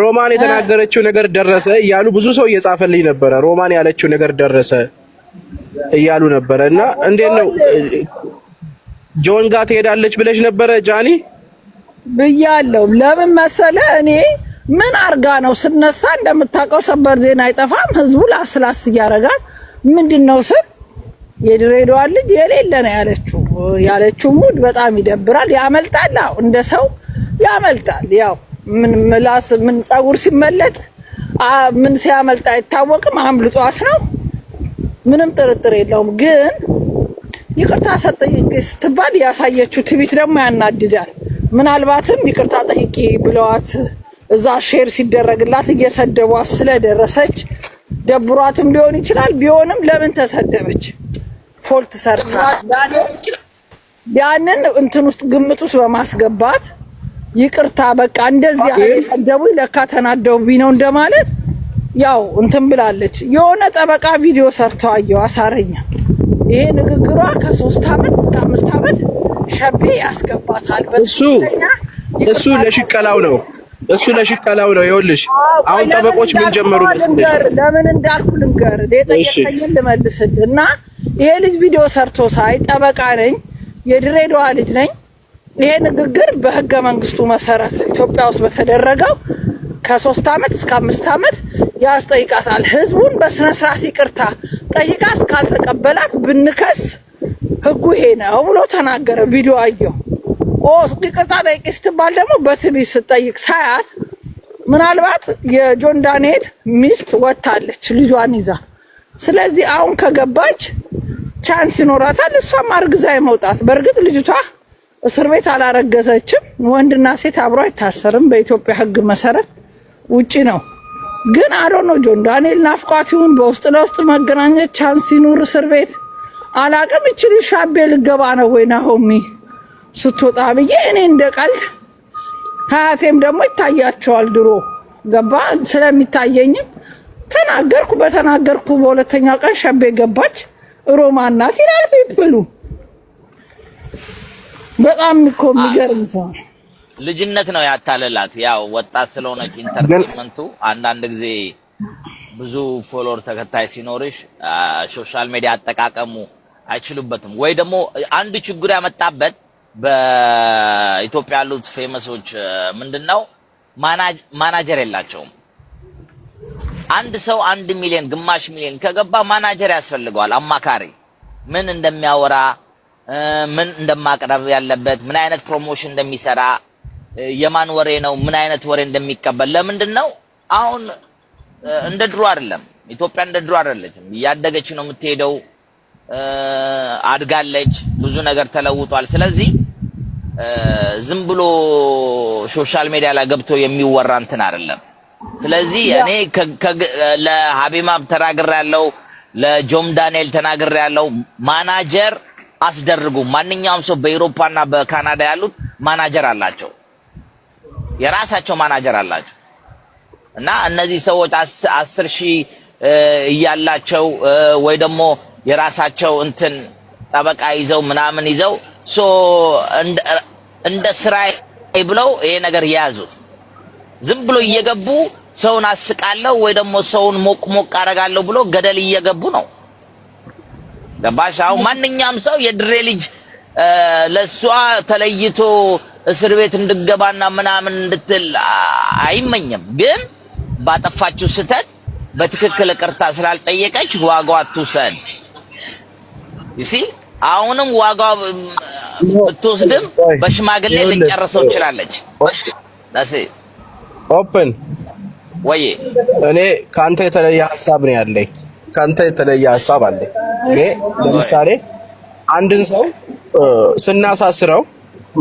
ሮማን የተናገረችው ነገር ደረሰ እያሉ ብዙ ሰው እየጻፈልኝ ነበረ። ሮማን ያለችው ነገር ደረሰ እያሉ ነበረ እና እንዴት ነው ጆን ጋር ትሄዳለች ብለሽ ነበረ ጃኒ ብያለሁ። ለምን መሰለ እኔ ምን አርጋ ነው ስነሳ፣ እንደምታውቀው ሰበር ዜና አይጠፋም። ህዝቡ ላስላስ እያረጋት ምንድን ነው ስል የድሬዳዋ ልጅ የሌለ ነው ያለችው። ያለችው ሙድ በጣም ይደብራል። ያመልጣል፣ እንደ ሰው ያመልጣል። ያው ምን ምላስ ምን ፀጉር ሲመለጥ ምን ሲያመልጥ አይታወቅም። አምልጧት ነው ምንም ጥርጥር የለውም። ግን ይቅርታ ሰጠይቅ ስትባል ያሳየችው ትቢት ደግሞ ያናድዳል። ምናልባትም ይቅርታ ጠይቂ ብለዋት እዛ ሼር ሲደረግላት እየሰደቧት ስለደረሰች ደብሯትም ሊሆን ይችላል። ቢሆንም ለምን ተሰደበች? ፎልት ሰርታ ያንን እንትን ውስጥ ግምት ውስጥ በማስገባት ይቅርታ በቃ እንደዚህ ቀደሙ ለካ ተናደው ነው እንደማለት ያው እንትን ብላለች። የሆነ ጠበቃ ቪዲዮ ሰርተው አየው አሳረኛ። ይሄ ንግግሯ ከሶስት አመት እስከ አምስት አመት ሸቤ ያስገባታል። እሱ እሱ ለሽቀላው ነው እሱ ለሽቀላው ነው። ይኸውልሽ አሁን ጠበቆች ምን ጀመሩ መሰለሽ? ለምን እንዳልኩ ልንገር፣ ለጠየቀኝ ልመልስል እና ይሄ ልጅ ቪዲዮ ሰርቶ ሳይ ጠበቃ ነኝ የድሬዳዋ ልጅ ነኝ ይሄ ንግግር በህገ መንግስቱ መሰረት ኢትዮጵያ ውስጥ በተደረገው ከሶስት ዓመት እስከ አምስት አመት ያስጠይቃታል። ህዝቡን በስነ ስርዓት ይቅርታ ጠይቃ እስካልተቀበላት ብንከስ ህጉ ይሄ ነው ብሎ ተናገረ። ቪዲዮ ኦ ይቅርታ ጠይቂ ስትባል ደግሞ በትቢ ስትጠይቅ ሳያት ምናልባት የጆን ዳንኤል ሚስት ወታለች ልጇን ይዛ። ስለዚህ አሁን ከገባች ቻንስ ይኖራታል እሷም አርግዛ የመውጣት በእርግጥ ልጅቷ እስር ቤት አላረገዘችም። ወንድና ሴት አብሮ አይታሰርም በኢትዮጵያ ሕግ መሰረት ውጪ ነው። ግን አዶኖ ጆን ዳንኤል ናፍቋት ይሁን በውስጥ ለውስጥ መገናኘት ቻንስ ሲኖር እስር ቤት አላቅም። እችል ሻቤ ልገባ ነው ወይ ናሆሚ ስትወጣ ብዬ እኔ እንደ ቀልድ ሀያቴም ደግሞ ይታያቸዋል ድሮ ገባ ስለሚታየኝም ተናገርኩ። በተናገርኩ በሁለተኛው ቀን ሸቤ ገባች። ሮማናት ይላል ቢብሉ በጣም እኮ የሚገርም ሰው ልጅነት ነው ያታለላት። ያው ወጣት ስለሆነች ኢንተርቴንመንቱ አንዳንድ ጊዜ ብዙ ፎሎወር ተከታይ ሲኖርሽ ሶሻል ሚዲያ አጠቃቀሙ አይችሉበትም። ወይ ደግሞ አንድ ችግር ያመጣበት በኢትዮጵያ ያሉት ፌመሶች ምንድነው ማናጀር የላቸውም። አንድ ሰው አንድ ሚሊዮን ግማሽ ሚሊዮን ከገባ ማናጀር ያስፈልገዋል፣ አማካሪ ምን እንደሚያወራ ምን እንደማቅረብ ያለበት ምን አይነት ፕሮሞሽን እንደሚሰራ የማን ወሬ ነው ምን አይነት ወሬ እንደሚቀበል። ለምንድን ነው አሁን እንደ ድሮ አይደለም። ኢትዮጵያ እንደ ድሮ አይደለችም። እያደገች ነው የምትሄደው፣ አድጋለች፣ ብዙ ነገር ተለውጧል። ስለዚህ ዝም ብሎ ሶሻል ሚዲያ ላይ ገብቶ የሚወራ እንትን አይደለም። ስለዚህ እኔ ለሀቢማ ተናግሬያለሁ፣ ለጆም ዳንኤል ተናግሬያለሁ ማናጀር አስደርጉ ማንኛውም ሰው በአውሮፓና በካናዳ ያሉት ማናጀር አላቸው፣ የራሳቸው ማናጀር አላቸው። እና እነዚህ ሰዎች አስር ሺህ እያላቸው ወይ ደግሞ የራሳቸው እንትን ጠበቃ ይዘው ምናምን ይዘው ሶ እንደ ስራ ብለው ይሄ ነገር የያዙት ዝም ብሎ እየገቡ ሰውን አስቃለሁ ወይ ደግሞ ሰውን ሞቅ ሞቅ አደርጋለሁ ብሎ ገደል እየገቡ ነው። ገባሽ? አሁን ማንኛውም ሰው የድሬ ልጅ uh, ለሷ ተለይቶ እስር ቤት እንድገባና ምናምን እንድትል አይመኝም። ግን ባጠፋችው ስህተት በትክክል ቅርታ ስላልጠየቀች ዋጋው አትውሰድ። ይሲ አሁንም ዋጋው ብትወስድም በሽማግሌ ልጨርሰው ትችላለች። ዳሴ ኦፕን ወይ እኔ ከአንተ የተለየ ሀሳብ ነው ያለኝ ከአንተ የተለየ ሀሳብ አለ። እኔ ለምሳሌ አንድን ሰው ስናሳስረው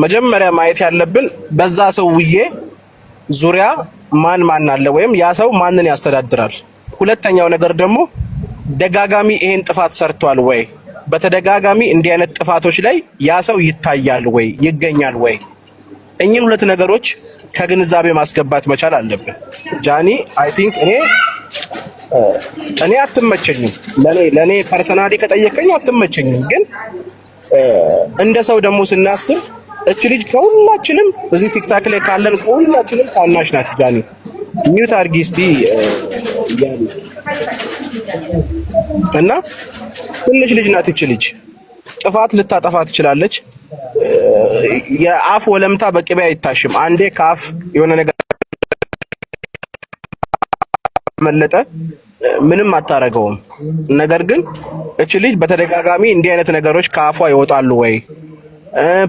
መጀመሪያ ማየት ያለብን በዛ ሰውዬ ዙሪያ ማን ማን አለ ወይም ያ ሰው ማንን ያስተዳድራል። ሁለተኛው ነገር ደግሞ ደጋጋሚ ይሄን ጥፋት ሰርቷል ወይ፣ በተደጋጋሚ እንዲህ አይነት ጥፋቶች ላይ ያ ሰው ይታያል ወይ ይገኛል ወይ። እኚህን ሁለት ነገሮች ከግንዛቤ ማስገባት መቻል አለብን። ጃኒ አይ ቲንክ እኔ እኔ አትመቸኝም። ለኔ ለኔ ፐርሰናሊ ከጠየቀኝ አትመቸኝም። ግን እንደ ሰው ደግሞ ስናስብ እች ልጅ ከሁላችንም እዚህ ቲክታክ ላይ ካለን ከሁላችንም ታናሽ ናት። ጃኒ ኒውት አድርጊ እስቲ እና ትንሽ ልጅ ናት እች ልጅ ጥፋት ልታጠፋ ትችላለች። የአፍ ወለምታ በቅቤ አይታሽም። አንዴ ከአፍ የሆነ ነገር ካመለጠ ምንም አታረገውም። ነገር ግን እች ልጅ በተደጋጋሚ እንዲህ አይነት ነገሮች ከአፏ ይወጣሉ ወይ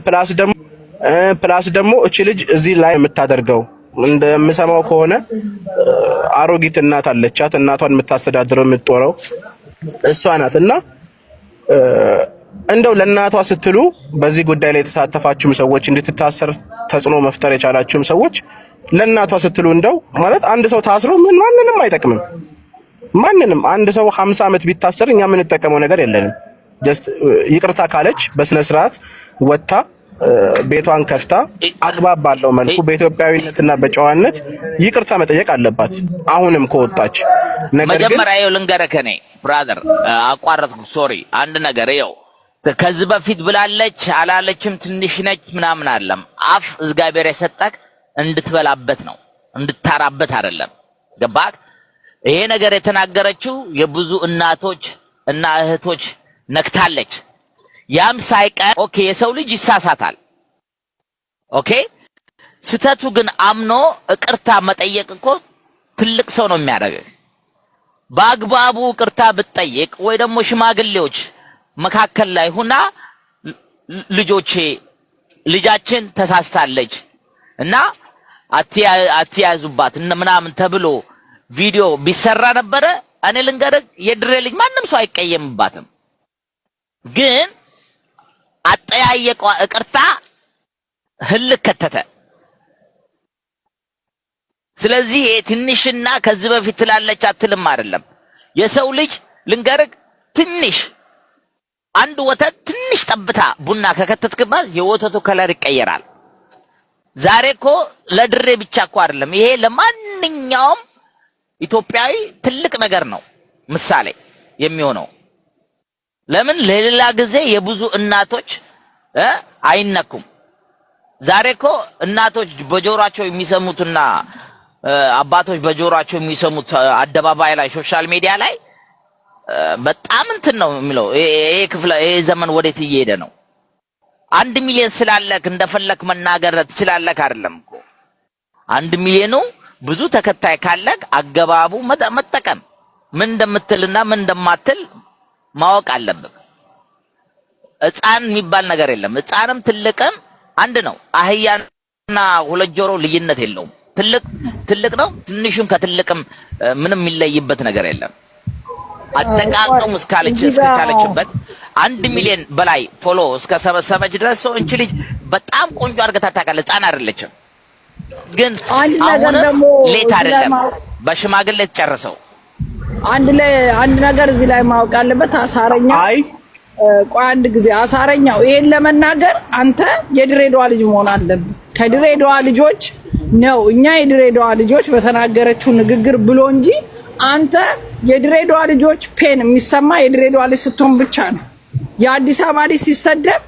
ፕላስ ደግሞ ፕላስ ደግሞ እች ልጅ እዚህ ላይ የምታደርገው እንደምሰማው ከሆነ አሮጊት እናት አለቻት። እናቷን የምታስተዳድረው የምትጦረው እሷ ናት። እና እንደው ለእናቷ ስትሉ በዚህ ጉዳይ ላይ የተሳተፋችሁም ሰዎች እንድትታሰር ተጽዕኖ መፍጠር የቻላችሁም ሰዎች ለእናቷ ስትሉ እንደው ማለት አንድ ሰው ታስሮ ምን ማንንም አይጠቅምም። ማንንም አንድ ሰው 50 ዓመት ቢታሰር እኛ የምንጠቀመው ነገር የለንም። ጀስት ይቅርታ ካለች በስነ ስርዓት ወጥታ ቤቷን ከፍታ አግባብ ባለው መልኩ በኢትዮጵያዊነትና በጨዋነት ይቅርታ መጠየቅ አለባት። አሁንም ከወጣች ነገር ግን መጀመሪያ ይኸው ልንገርህ፣ ብራዘር አቋረጥኩ፣ ሶሪ። አንድ ነገር ይኸው ከዚህ በፊት ብላለች አላለችም ትንሽ ነች ምናምን አለም አፍ እግዚአብሔር የሰጠክ እንድትበላበት ነው እንድታራበት አይደለም። ገባክ? ይሄ ነገር የተናገረችው የብዙ እናቶች እና እህቶች ነክታለች። ያም ሳይቀር ኦኬ፣ የሰው ልጅ ይሳሳታል። ኦኬ፣ ስተቱ ግን አምኖ እቅርታ መጠየቅ እኮ ትልቅ ሰው ነው የሚያደርገ በአግባቡ እቅርታ ብትጠይቅ ወይ ደግሞ ሽማግሌዎች መካከል ላይ ሁና ልጆቼ ልጃችን ተሳስታለች እና አትያዙባት ምናምን ተብሎ ቪዲዮ ቢሰራ ነበረ። እኔ ልንገርህ የድሬ ልጅ ማንም ሰው አይቀየምባትም። ግን አጠያየቋ እቅርታ ህልክ ከተተ። ስለዚህ ትንሽና ከዚህ በፊት ትላለች አትልም አይደለም። የሰው ልጅ ልንገርህ ትንሽ አንድ ወተት ትንሽ ጠብታ ቡና ከከተትክባት የወተቱ ከለር ይቀየራል። ዛሬ እኮ ለድሬ ብቻ እኮ አይደለም፣ ይሄ ለማንኛውም ኢትዮጵያዊ ትልቅ ነገር ነው፣ ምሳሌ የሚሆነው ለምን ለሌላ ጊዜ የብዙ እናቶች አይነኩም። ዛሬ እኮ እናቶች በጆሯቸው የሚሰሙትና አባቶች በጆሯቸው የሚሰሙት አደባባይ ላይ ሶሻል ሚዲያ ላይ በጣም እንትን ነው የሚለው ይሄ ክፍለ ይሄ ዘመን ወዴት እየሄደ ነው? አንድ ሚሊዮን ስላለክ እንደፈለክ መናገር ትችላለክ አይደለም እኮ አንድ ሚሊዮኑ ብዙ ተከታይ ካለክ አገባቡ መጠቀም ምን እንደምትልና ምን እንደማትል ማወቅ አለብህ። ሕፃን የሚባል ነገር የለም። ህፃንም ትልቅም አንድ ነው። አህያና ሁለት ጆሮ ልዩነት የለውም። ትልቅ ትልቅ ነው፣ ትንሹም ከትልቅም ምንም የሚለይበት ነገር የለም። አጠቃቀሙ እስካለች እስካለችበት አንድ ሚሊዮን በላይ ፎሎ እስከ ሰበሰበች ድረስ ሰው እንቺ ልጅ በጣም ቆንጆ አድርገታ ታውቃለች። ህፃን አይደለችም። ግን አሁንም ሌት አይደለም፣ በሽማግሌ ጨርሰው አንድ ላይ አንድ ነገር እዚህ ላይ ማወቅ አለበት። አሳረኛ አይ ቆይ አንድ ጊዜ አሳረኛው ይሄን ለመናገር አንተ የድሬዳዋ ልጅ መሆን አለብህ። ከድሬዳዋ ልጆች ነው እኛ የድሬዳዋ ልጆች በተናገረችው ንግግር ብሎ እንጂ አንተ የድሬዳዋ ልጆች ፔን የሚሰማ የድሬዳዋ ልጅ ስትሆን ብቻ ነው። የአዲስ አበባ ልጅ ሲሰደብ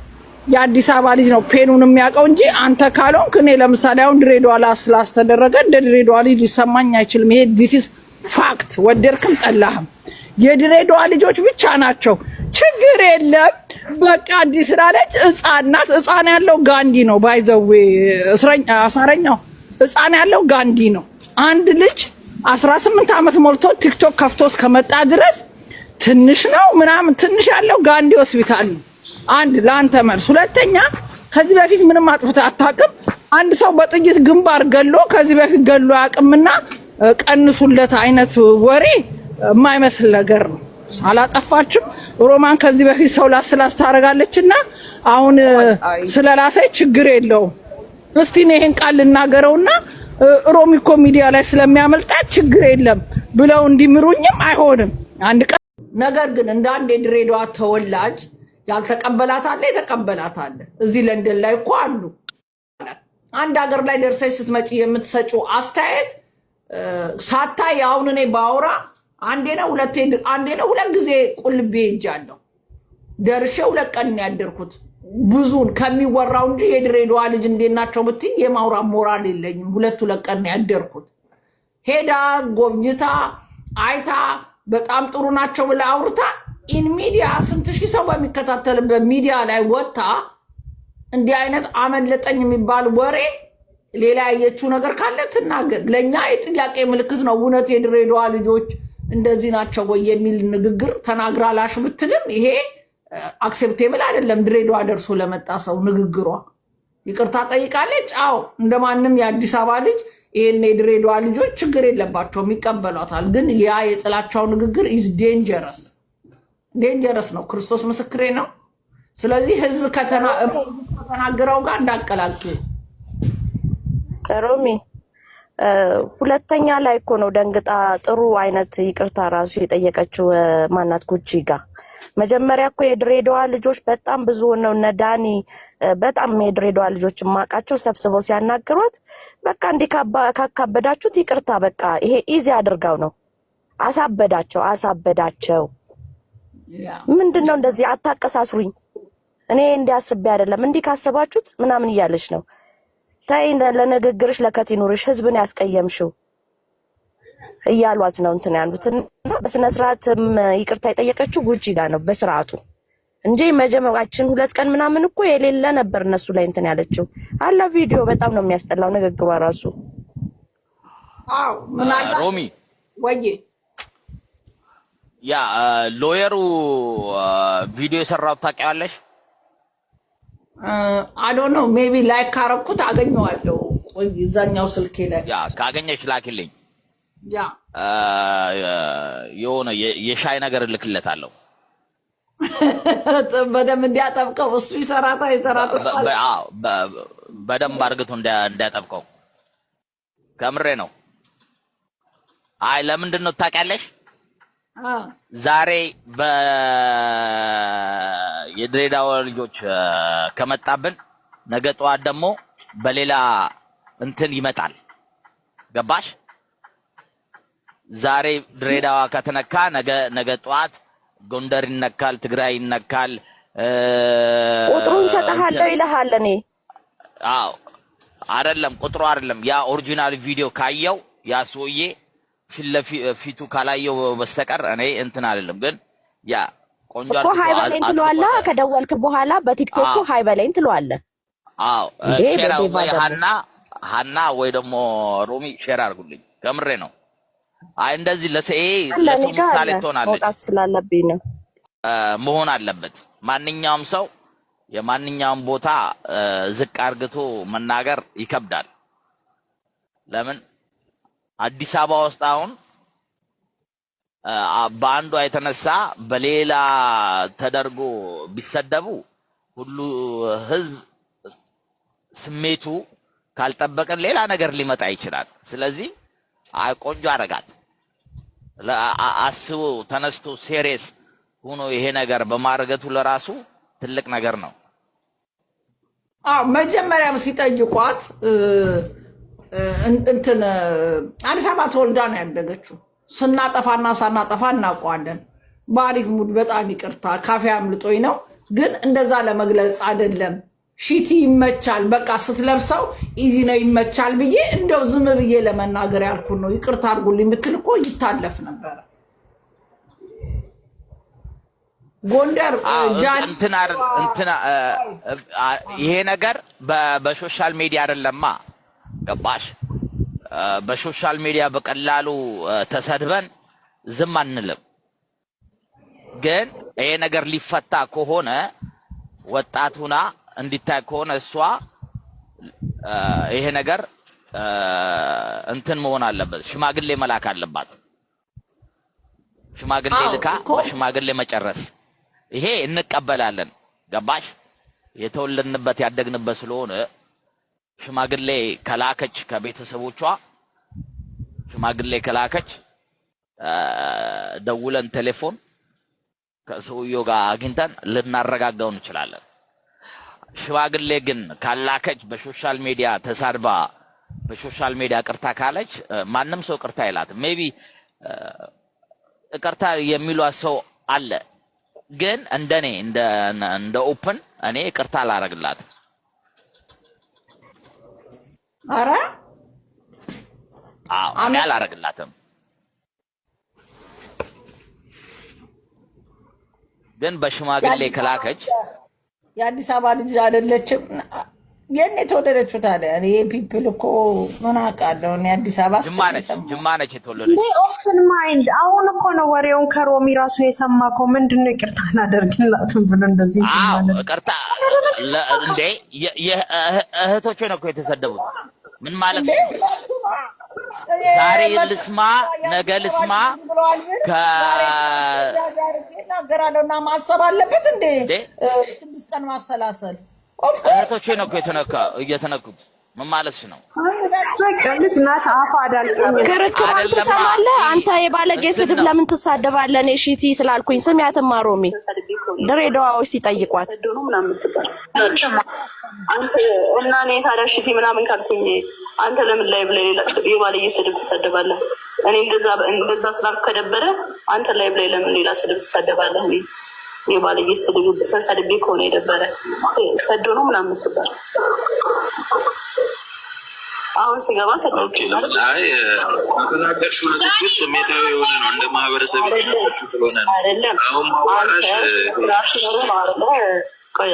የአዲስ አበባ ልጅ ነው ፔኑን የሚያውቀው እንጂ አንተ ካልሆንክ እኔ ለምሳሌ አሁን ድሬዳዋ ስላስተደረገ እንደ ድሬዳዋ ልጅ ሊሰማኝ አይችልም። ይሄ ዲስ ፋክት፣ ወደድክም ጠላህም የድሬዳዋ ልጆች ብቻ ናቸው። ችግር የለም በቃ አዲስ ስላለች ህፃን ናት። ያለው ጋንዲ ነው ባይዘዌ አሳረኛው ህፃን ያለው ጋንዲ ነው። አንድ ልጅ አስራ ስምንት ዓመት ሞልቶ ቲክቶክ ከፍቶ እስከመጣ ድረስ ትንሽ ነው ምናምን ትንሽ ያለው ጋንዲ ሆስፒታል ነው። አንድ ለአንተ መልስ። ሁለተኛ ከዚህ በፊት ምንም አጥፍተህ አታውቅም። አንድ ሰው በጥይት ግንባር ገሎ ከዚህ በፊት ገሎ አያውቅምና ቀንሱለት አይነት ወሬ የማይመስል ነገር ነው። አላጠፋችም። ሮማን ከዚህ በፊት ሰው ላስ ላስ ታደርጋለችና አሁን ስለላሰች ችግር የለውም። እስቲ እኔ ይህን ቃል ልናገረውና ሮሚ ሚዲያ ላይ ስለሚያመልጣት ችግር የለም ብለው እንዲምሩኝም አይሆንም አንድ ቀን። ነገር ግን እንደ አንድ የድሬዳዋ ተወላጅ ያልተቀበላት አለ፣ የተቀበላት አለ። እዚህ ለንደን ላይ እኮ አሉ። አንድ ሀገር ላይ ደርሰች ስትመጪ የምትሰጩ አስተያየት ሳታ አሁን እኔ ባወራ አንዴ ነው ሁለት ጊዜ ቁልቤ ሄጃለሁ። ደርሼ ሁለት ቀን ያደርኩት ብዙን ከሚወራው እንጂ የድሬዳዋ ልጅ እንዴት ናቸው ብትይ ሞራል የለኝም። ሁለቱ ለቀን ያደርኩት ሄዳ ጎብኝታ አይታ በጣም ጥሩ ናቸው ብለ አውርታ ኢን ሚዲያ ስንት ሺህ ሰው በሚከታተልበት ሚዲያ ላይ ወጥታ እንዲህ አይነት አመለጠኝ የሚባል ወሬ ሌላ ያየችው ነገር ካለ ትናገር። ለእኛ የጥያቄ ምልክት ነው። እውነት የድሬዳዋ ልጆች እንደዚህ ናቸው ወይ የሚል ንግግር ተናግራላሽ ብትልም ይሄ አክሴፕቴብል አይደለም። ድሬዳዋ ደርሶ ለመጣ ሰው ንግግሯ ይቅርታ ጠይቃለች። አዎ እንደማንም የአዲስ አበባ ልጅ ይህን የድሬዳዋ ልጆች ችግር የለባቸውም ይቀበሏታል። ግን ያ የጥላቻው ንግግር ኢዝ ዴንጀረስ ዴንጀረስ ነው። ክርስቶስ ምስክሬ ነው። ስለዚህ ህዝብ ከተናገረው ጋር እንዳቀላቅ ሮሚ ሁለተኛ ላይ እኮ ነው ደንግጣ ጥሩ አይነት ይቅርታ ራሱ የጠየቀችው ማናት ጉጂ ጋር መጀመሪያ እኮ የድሬዳዋ ልጆች በጣም ብዙ ነው። እነ ዳኒ በጣም የድሬዳዋ ልጆች ማቃቸው ሰብስበው ሲያናግሯት በቃ እንዲህ ካካበዳችሁት ይቅርታ በቃ ይሄ ኢዚ አድርገው ነው አሳበዳቸው አሳበዳቸው። ምንድን ነው እንደዚህ አታቀሳስሩኝ፣ እኔ እንዲያስቤ አይደለም እንዲህ ካሰባችሁት ምናምን እያለች ነው። ተይ ለንግግርሽ ለከት ይኑርሽ፣ ህዝብን ያስቀየምሽው እያሏት ነው እንትን ያሉት እና በስነ ስርዓትም ይቅርታ የጠየቀችው ጉጂ ጋር ነው በስርዓቱ እንጂ መጀመሪያችን ሁለት ቀን ምናምን እኮ የሌለ ነበር እነሱ ላይ እንትን ያለችው አለ ቪዲዮ። በጣም ነው የሚያስጠላው ንግግሯ ራሱ። ሮሚ ወይ ያ ሎየሩ ቪዲዮ የሰራው ታውቂዋለሽ? አዶ ነው ሜቢ ላይክ ካረኩት አገኘዋለሁ። ወይ እዛኛው ስልኬ ላይ ያ ካገኘሽ ላኪልኝ የሆነ የሻይ ነገር እልክለታለሁ በደንብ እንዲያጠብቀው። እሱ ይሰራታ ይሰራታ በደንብ አድርግቶ እንዲያጠብቀው። ከምሬ ነው። አይ ለምንድን ነው ታውቂያለሽ? ዛሬ የድሬዳዋ ልጆች ከመጣብን ነገ ጠዋት ደግሞ በሌላ እንትን ይመጣል። ገባሽ? ዛሬ ድሬዳዋ ከተነካ ነገ ነገ ጠዋት ጎንደር ይነካል፣ ትግራይ ይነካል። ቁጥሩን ሰጠሃለሁ ይልሃል። እኔ አዎ አይደለም ቁጥሩ አይደለም ያ ኦሪጂናል ቪዲዮ ካየው ያ ሰውዬ ፊቱ ካላየው በስተቀር እኔ እንትን አይደለም። ግን ያ ቆንጆ እኮ ሃይ በለኝ ትለዋለህ፣ ከደወልክ በኋላ በቲክቶክ ሃይ በለኝ ትለዋለህ። አዎ ሼር ወይ ሃና ሃና ወይ ደግሞ ሮሚ ሼር አድርጉልኝ። ከምሬ ነው። አይ እንደዚህ ለሰኤ ለሰው ምሳሌ ትሆናለች። መውጣት ስላለብኝ ነው መሆን አለበት። ማንኛውም ሰው የማንኛውም ቦታ ዝቅ አርግቶ መናገር ይከብዳል። ለምን አዲስ አበባ ውስጥ አሁን በአንዷ የተነሳ በሌላ ተደርጎ ቢሰደቡ ሁሉ ህዝብ ስሜቱ ካልጠበቀን ሌላ ነገር ሊመጣ ይችላል። ስለዚህ አይ ቆንጆ አደርጋት አስቦ ተነስቶ ሴሬስ ሆኖ ይሄ ነገር በማረገቱ ለራሱ ትልቅ ነገር ነው። መጀመሪያም ሲጠይቋት እንትን አዲስ አበባ ተወልዳ ነው ያደገችው። ስናጠፋና ሳናጠፋ እናውቀዋለን። በአሪፍ ሙድ በጣም ይቅርታ ካፌ አምልጦኝ ነው ግን እንደዛ ለመግለጽ አይደለም ሺቲ ይመቻል፣ በቃ ስትለብሰው ኢዚ ነው ይመቻል ብዬ እንደው ዝም ብዬ ለመናገር ያልኩት ነው። ይቅርታ አድርጉልኝ ብትል እኮ ይታለፍ ነበረ። ጎንደር ይሄ ነገር በሶሻል ሚዲያ አይደለማ፣ ገባሽ? በሶሻል ሚዲያ በቀላሉ ተሰድበን ዝም አንልም። ግን ይሄ ነገር ሊፈታ ከሆነ ወጣቱና እንዲታይ ከሆነ እሷ ይሄ ነገር እንትን መሆን አለበት፣ ሽማግሌ መላክ አለባት። ሽማግሌ ልካ በሽማግሌ መጨረስ ይሄ እንቀበላለን። ገባሽ? የተወለድንበት ያደግንበት ስለሆነ ሽማግሌ ከላከች ከቤተሰቦቿ ሽማግሌ ከላከች ደውለን ቴሌፎን ከሰውየው ጋር አግኝተን ልናረጋጋው እንችላለን። ሽማግሌ ግን ካላከች በሶሻል ሚዲያ ተሳድባ በሶሻል ሚዲያ ቅርታ ካለች ማንም ሰው ቅርታ አይላትም። ሜቢ ቅርታ የሚሏት ሰው አለ፣ ግን እንደኔ እንደ ኦፕን እኔ ቅርታ አላረግላት። ኧረ አዎ እኔ አላረግላትም። ግን በሽማግሌ ከላከች የአዲስ አበባ ልጅ አይደለችም። የኔ የተወለደችው ታዲያ ይሄ ፒፕል እኮ ምን አውቃለሁ እኔ አዲስ አበባ ጅማ ነች የተወለደችው። ኦፕን ማይንድ አሁን እኮ ነው ወሬውን ከሮሚ ራሱ የሰማከው። ምንድን ነው ይቅርታ አላደርግላትም ብሎ እንደዚህ ቅርታ እንዴ! እህቶቼ ነው እኮ የተሰደቡት። ምን ማለት ነው? ዛሬ ልስማ ነገ ልስማ እናገራለሁ እና ማሰብ አለበት እንዴ ስድስት ቀን ማሰላሰል እህቶቼ ነው እየተነኩት ምን ነው ትሰማለህ አንተ የባለጌ ስድብ ለምን ትሳደባለህ እኔ ሺቲ ስላልኩኝ ስሚያትማ ሮሚ ድሬዳዋዎች ሲጠይቋት እና እኔ ታዲያ ምናምን ካልኩኝ አንተ ለምን ላይ ብላይ ሌላ የባለየ ስድብ ትሳደባለህ? እኔ እንደዛ እንደዛ ስላልኩ ከደበረ አንተ ላይ ብላይ ለምን ሌላ ስድብ ትሳደባለህ? እኔ የባለየ ስድብ ተሳድቤ ከሆነ የደበረ ሰዶ ነው ምናምን ምትባል አሁን ሲገባ ስገባ ሰዶችናገርሹ ንግግር ስሜታዊ የሆነ ነው። እንደ ማህበረሰብ አይደለም። አሁን ማዋራሽ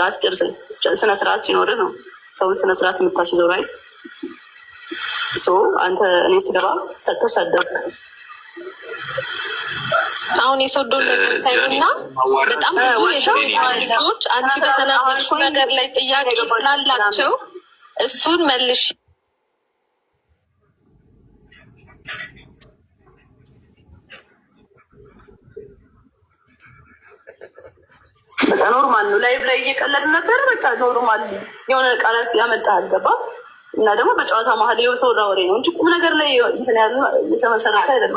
አስጨርስ ስነስርዓት ሲኖር ነው ሰውን ስነስርዓት የምታስይዘው ራይት አንተ እኔ ስገባ ሰተሰደብ አሁን የሶዶ ነገርታይና በጣም ብዙ ልጆች አንቺ በተናገርሽው ነገር ላይ ጥያቄ ስላላቸው እሱን መልሽ በቃ ኖርማል ነው። ላይቭ ላይ እየቀለድ ነበር። በቃ ኖርማል የሆነ ቃላት ያመጣ አልገባ እና ደግሞ በጨዋታ መሀል የሰው ላወሬ ነው እንጂ ቁም ነገር ላይ የተመሰረተ አይደለም።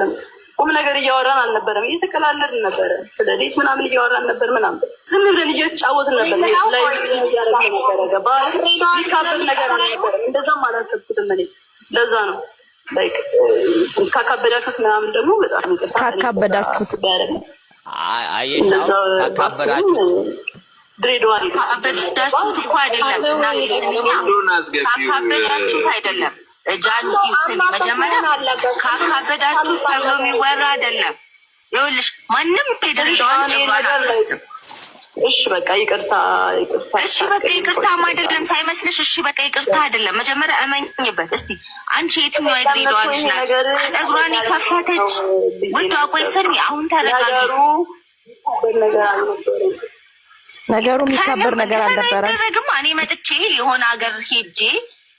ቁም ነገር እያወራን አልነበረም፣ እየተቀላለድን ነበረ። ስለ ቤት ምናምን እያወራን ነበር፣ ምናምን ዝም ብለን እየተጫወትን ነበር። ላይያረገባካብር ነገር አልነበረ። እንደዛም አላሰብኩትም እኔ ለዛ ነው ካካበዳችሁት ምናምን ደግሞ በጣም ካካበዳችሁት ያደረግ ድሬዳዋ ካበዳችሁት አይደለም ካካበዳችሁት አይደለም ጃን መጀመሪያ ካካበዳችሁት ተብሎ የሚወራ አይደለም። ይኸውልሽ ማንም የድሬዳዋን ጭባላ እሺ በቃ ይቅርታ እሺ በቃ ይቅርታም አይደለም ሳይመስልሽ፣ እሺ በቃ ይቅርታ አይደለም። መጀመሪያ እመኝበት እስቲ አንቺ የትኛዋ የግሬዳዋ ልጅ ናት? እግሯን የከፈተች ወዷ? ቆይ ስሚ አሁን ተረጋጊ። ነገሩ የሚከበር ነገር አልነበረ። አይደረግማ እኔ መጥቼ የሆነ ሀገር ሄጄ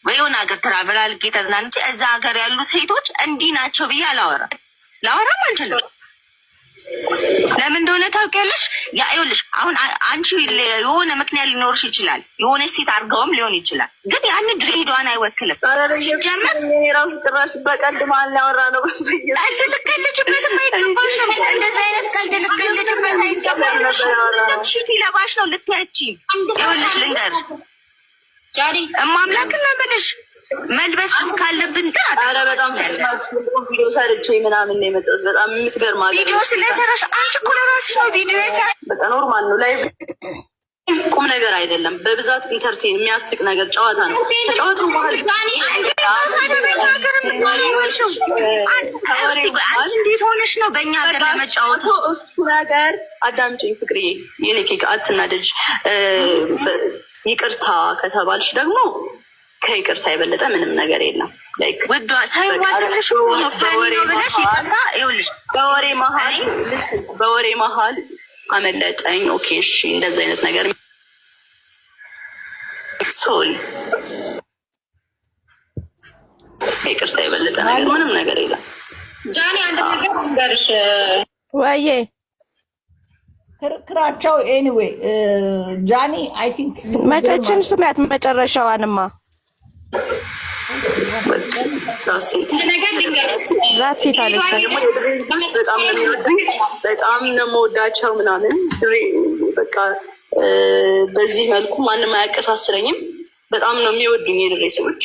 ወይ የሆነ ሀገር ትራቨል አልጌ ተዝናንቼ እዛ ሀገር ያሉ ሴቶች እንዲህ ናቸው ብዬ አላወራም፣ ላወራም አልችልም። ለምን እንደሆነ ታውቂያለሽ? ይኸውልሽ አሁን አንቺ የሆነ ምክንያት ሊኖርሽ ይችላል። የሆነ ሴት አድርገውም ሊሆን ይችላል። ግን ያን ድሬዳዋን አይወክልም። ሲጀመር ራሱ ነው። ቀልድ ልቀልጅበትም አይገባሽም። እንደዚህ አይነት ነው ልትያቺ። ይኸውልሽ ልንገርሽ እማምላክን ነው የምልሽ መልበስ እስካለብን ጥር አረ በጣም ቪዲዮ ሰርቼ ምናምን የመጣሁት። በጣም የምትገርማ ቪዲዮ ስለሰራሽ አንቺ እኮ ለራስሽ ነው ቪዲዮ በቃ ኖርማል ነው ላይ ቁም ነገር አይደለም። በብዛት ኢንተርቴን የሚያስቅ ነገር ጨዋታ ነው። ተጫወቱ ሆነሽ ነው በእኛ ሀገር ለመጫወት ነገር አዳምጪኝ ፍቅርዬ፣ የኔ ኬክ አትናደጅ። ይቅርታ ከተባልሽ ደግሞ ከይቅርታ የበለጠ ምንም ነገር የለም። ውዷ ብለሽ ይቅርታ በወሬ መሀል በወሬ መሀል አመለጠኝ። ኦኬ እሺ፣ እንደዚህ አይነት ነገር ሶሪ፣ የበለጠ ነገር ምንም ነገር የለም። ጃኒ፣ አንድ ነገር ንገርሽ ክርክራቸው ኤኒዌይ ጃኒ አይ ቲንክ መቼችን ስሚያት መጨረሻዋንማ በጣም ነው የምወዳቸው ምናምን ድሬ በቃ በዚህ መልኩ ማንም አያቀሳስረኝም። በጣም ነው የሚወዱኝ የድሬ ሰዎች።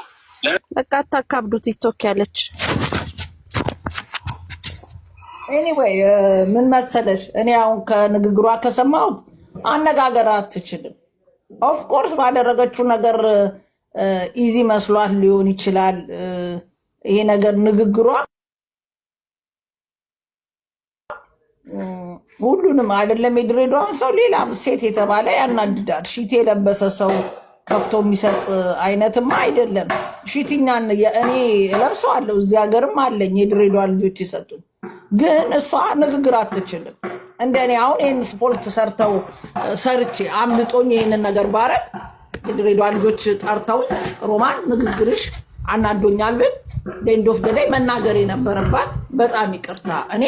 በቃ አታካብዱ። ቲክቶክ ያለች ኤኒዌይ፣ ምን መሰለሽ፣ እኔ አሁን ከንግግሯ ከሰማሁት አነጋገር አትችልም። ኦፍኮርስ ባደረገችው ነገር ኢዚ መስሏት ሊሆን ይችላል። ይሄ ነገር ንግግሯ ሁሉንም አይደለም፣ የድሬዳዋን ሰው ሌላም ሴት የተባለ ያናድዳል። ሺት የለበሰ ሰው ከፍቶ የሚሰጥ አይነትም አይደለም። ሽቲኛን እኔ እለብሰዋለሁ። እዚህ ሀገርም አለኝ የድሬዷ ልጆች ይሰጡኝ። ግን እሷ ንግግር አትችልም። እንደ እኔ አሁን ይህን ስፖርት ሰርተው ሰርቼ አምልጦኝ ይህንን ነገር ባረግ የድሬዷ ልጆች ጠርተው ሮማን ንግግርሽ አናዶኛል ብል ደንዶፍ ደላይ መናገር የነበረባት በጣም ይቅርታ፣ እኔ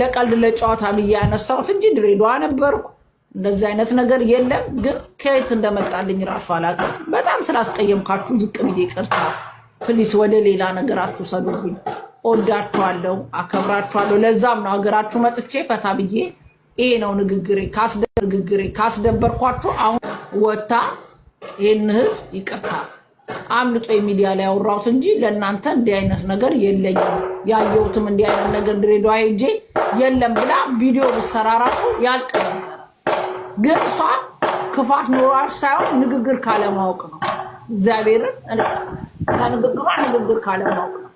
ለቀልድ ለጨዋታ ብዬ ያነሳሁት እንጂ ድሬዷ ነበርኩ እንደዚህ አይነት ነገር የለም። ግን ከየት እንደመጣልኝ ራሱ አላውቅም። በጣም ስላስቀየምካችሁ ዝቅ ብዬ ቅርታ ፕሊስ ወደ ሌላ ነገር አትውሰዱብኝ። ወዳችኋለሁ፣ አከብራችኋለሁ። ለዛም ነው ሀገራችሁ መጥቼ ፈታ ብዬ ይሄ ነው ንግግሬ። ንግግሬ ካስደበርኳችሁ አሁን ወታ ይህን ህዝብ ይቅርታ አምልጦ የሚዲያ ላይ አወራሁት እንጂ ለእናንተ እንዲህ አይነት ነገር የለኝም። ያየሁትም እንዲህ አይነት ነገር ድሬዳዋ ሄጄ የለም ብላ ቪዲዮ ብሰራ ራሱ ያልቅ ግን እሷ ክፋት ኖሯል ሳይሆን ንግግር ካለማወቅ ነው። እግዚአብሔርን ከንግግሯ ንግግር ካለማወቅ ነው።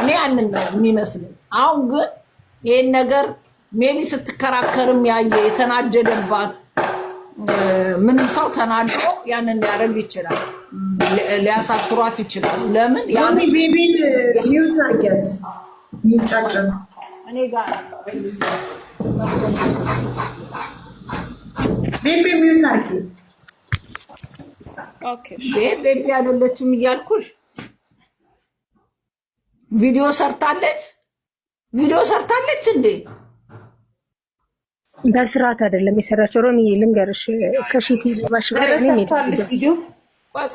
እኔ ያንን ነው የሚመስለኝ። አሁን ግን ይህን ነገር ሜቢ ስትከራከርም ያየ የተናደደባት ምንም ሰው ተናዶ ያንን ሊያደርግ ይችላል፣ ሊያሳስሯት ይችላል። ለምን ይጫጭ እኔ ጋር ቤቢ አይደለችም እያልኩሽ ቪዲዮ ሰርታለች፣ ቪዲዮ ሰርታለች እንዴ? በስርዓት አይደለም የሰራቸው። ልንገርሽ ከሺቲ ባሽ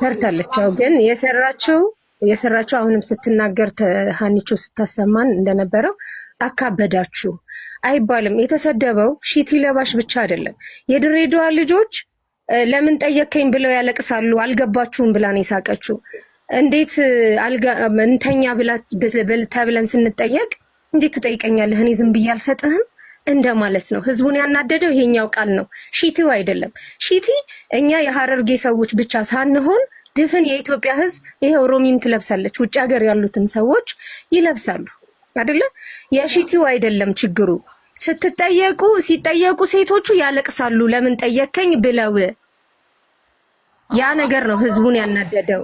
ሰርታለች፣ ግን የሰራችው የሰራችው አሁንም ስትናገር ሀኒቾ ስታሰማን እንደነበረው አካበዳችሁ አይባልም። የተሰደበው ሺቲ ለባሽ ብቻ አይደለም። የድሬዳዋ ልጆች ለምን ጠየከኝ ብለው ያለቅሳሉ። አልገባችሁም ብላን የሳቀችው። እንዴት እንተኛ ተብለን ስንጠየቅ እንዴት ትጠይቀኛለህ? እኔ ዝም ብዬ አልሰጥህም እንደማለት ነው። ህዝቡን ያናደደው ይሄኛው ቃል ነው፣ ሺቲው አይደለም። ሺቲ እኛ የሀረርጌ ሰዎች ብቻ ሳንሆን ድፍን የኢትዮጵያ ህዝብ ይሄው ሮሚም ትለብሳለች። ውጭ ሀገር ያሉትም ሰዎች ይለብሳሉ አይደለ? የሺቲው አይደለም ችግሩ። ስትጠየቁ ሲጠየቁ ሴቶቹ ያለቅሳሉ። ለምን ጠየከኝ ብለው ያ ነገር ነው ህዝቡን ያናደደው።